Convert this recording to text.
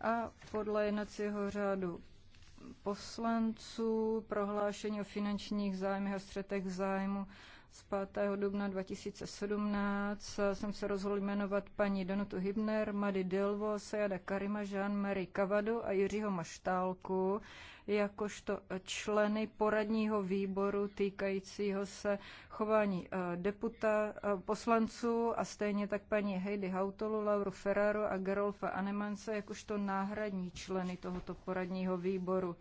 a podle jednacího řádu poslanců prohlášení o finančních zájmech a střetech zájmu z 5. dubna 2017 jsem se rozhodl jmenovat paní Donutu Hibner, Mady Dilvo, Sejada Karima, Jean-Marie Kavadu a Jiřího Maštálku jakožto členy poradního výboru týkajícího se chování eh, deputa, eh, poslanců a stejně tak paní Heidi Hautolu, Lauru Ferraro a Gerolfa Anemance jakožto náhradní členy tohoto poradního výboru.